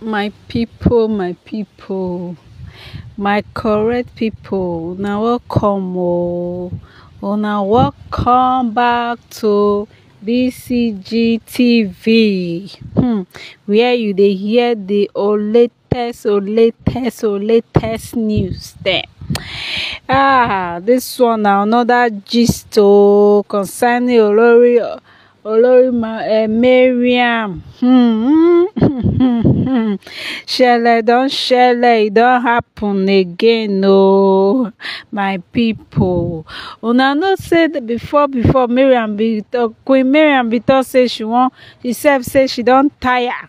my people, my people, my correct people. Now welcome oh, now welcome back to bcg tv hmm. where you they hear the o latest o latest o latest news dem ah this one na another gist o concerning olori. Uh, olórí eh, mariam ṣẹlẹ̀ don ṣẹlẹ̀ e don happen again ooo my people una know say before before mariam be talk queen mariam be talk say she wan she sef say she don tire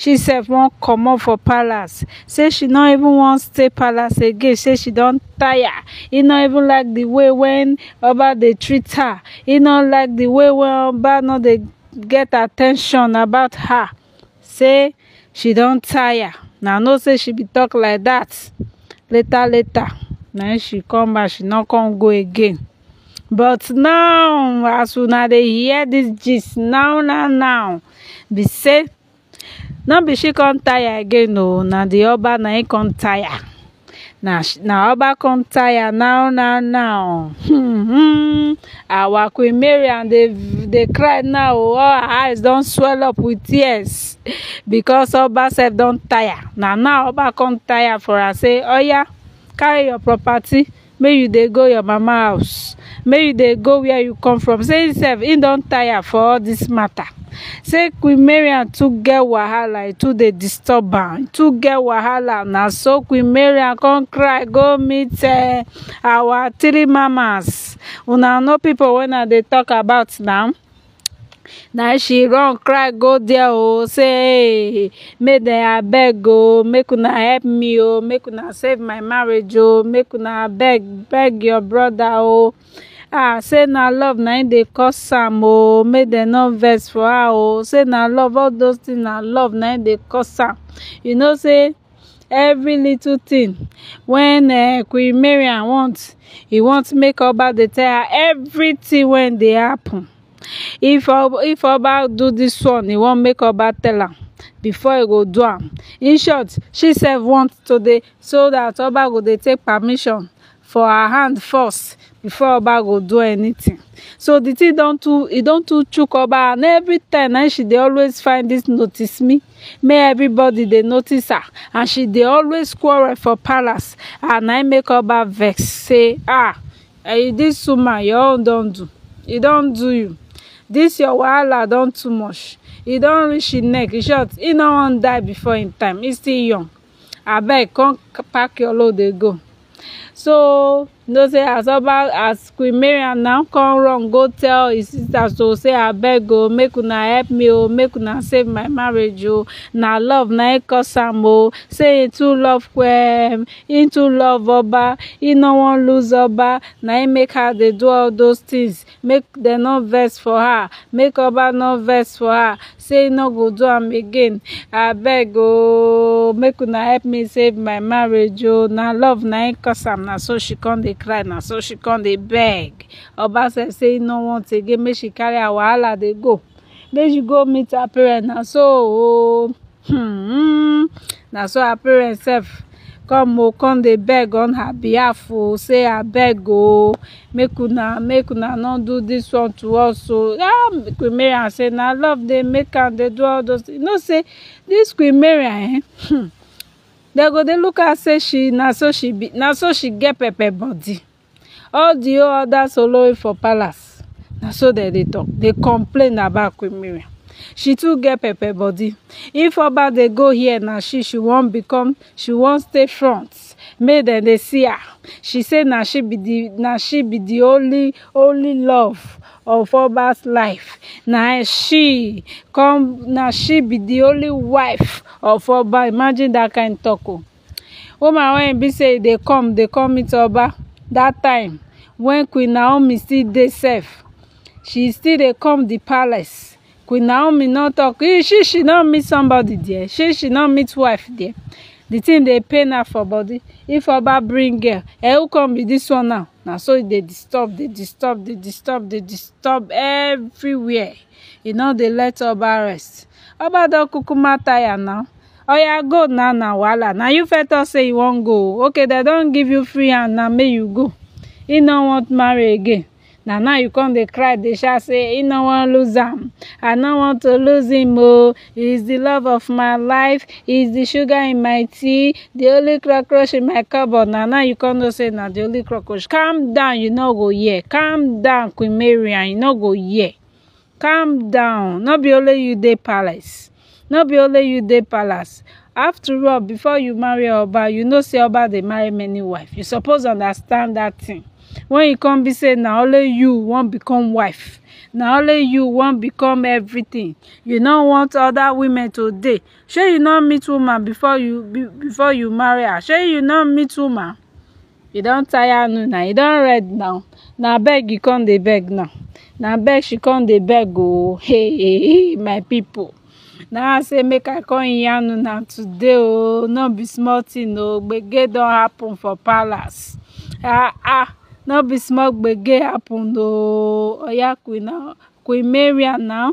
she sef wan comot for palace say she no even wan stay palace again say she don tire e no even like the way wen oba dey treat her e no like the way wen oba no dey get at ten tion about her say she don tire na no say she be talk like that. later later na she come back she no come go again but now as una dey hear this, gist now now now be say no be she come tire again o oh. na the oba na he come tire na oba come tire now now now hmm, hmm. our queen Mary and they they cry now oh. all her eyes don swell up with tears because oba sef don tire na now oba come tire for her say oya oh, carry your property make you dey go your mama house make you dey go where you come from say himself him don tire for all dis matter say queen maria too get wahala e too dey disturb am e too get wahala na so queen maria come cry go meet eh, our three mamas una know pipo wey i dey tok about now na she run cry go there oh say make dem abeg oh make una help me oh make una save my marriage oh make una beg beg your broda o oh. ah say na love na im dey cause am o oh, make dem no vex for her o oh. say na love all those things na love na im dey cause am you know say every little thing when uh, queen mariam want he want make oba dey tell her everything wey dey happen if oba if oba do this one he wan make oba tell am before he go do am in short she sef want to dey so that oba go dey take permission for her hand first before oba go do anything so the thing don't too e don't too chook oba and every time na she they always find this notice me may everybody they notice her and she they always quarrel for palace and I make oba vex say ah eh, this woman your own don do e don't do you this your wahala don't too much he don't reach im neck he short he no wan die before im time e still young abeg come pack your load dey go so no know say as oba as queen mariam now come wrong go tell his sisters to say I beg o make una help me o make una save my marriage o na love na e cause am o say into love um, into love oba he no wan lose oba na him e make her dey do all those things make them no vex for her make oba no vex for her say no go do am again beg ooo make una help me save my marriage oh na love na im cause am na so she come dey cry na so she come dey beg obasef say e no want again make she carry her wahala dey go make she go meet her parents na so oh hmm, hmm. na so her parents sef come o come dey beg on her behalf o say abeg o make una make una no do dis one to us o ah queen mariam say na love dey make am dey do all those things you know say this queen mariam eh dem hmm, go dey look her say she na so she be na so she get pepper body all the other solo for palace na so dem dey talk dey complain about queen mariam she too get pepper body if oba dey go here na she she wan become she wan stay front make dem dey see her she say na she be the na she be the only only love of oba's life na she come na she be the only wife of oba imagine that kind talk o oh. woman wey e be say e dey come dey come meet oba that time when queen naomi still dey safe. she still dey come the palace queen naomi not talk she should not meet somebody there she should not meet wife there the thing they pain her for body if oba bring girl eh who come be this one now Now so they disturb they disturb they disturb they disturb everywhere You know they let oba rest oba don kukuma tire now Oh yeah, go now now, wahala Now you first say you won't go okay they don't give you free hand now make you go He no want marry again Now now you come they cry they shall say e no wan lose him. i no want to lose him o oh. He's the love of my life He's the sugar in my tea the only cockroach in my cupboard Now now you come to say now the only cockroach calm down you no go hear calm down queen mariam you no go hear calm down Not be only you dey palace Not be only you dey palace after all before you marry oba you know say oba They marry many wives. you suppose understand that thing when you come be say na only you wan become wife na only you wan become everything you no want other women to dey shey you no meet woman before you be, before you marry her shey you no meet woman you don tire una you don red now na beg you come dey beg now na beg she come dey beg oo oh. hey, hey, hey my people na i say make i come yarn una today oo oh. no be small thing oo oh. gbege don happen for palace ah ah no be small gbege happen ooo oya queen uh, queen Maria uh, now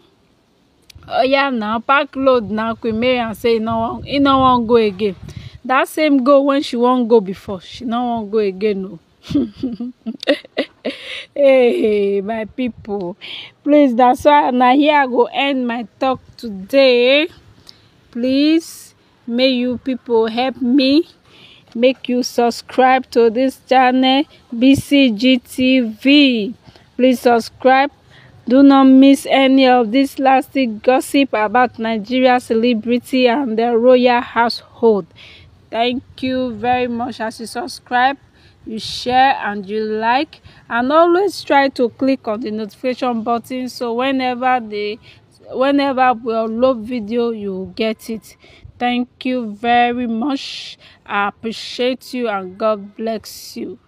oya now pack load now queen Maria uh, say e no wan go again That same goal when she won't go before she no won't go again no. Oh. hey my people, please that's why now here i go end my talk today please may you people help me make you subscribe to this channel BCGTV please subscribe do not miss any of this lasting gossip about Nigeria celebrity and the royal household thank you very much as you subscribe you share and you like and always try to click on the notification button so whenever the whenever we upload video you get it Thank you very much. I appreciate you and God bless you.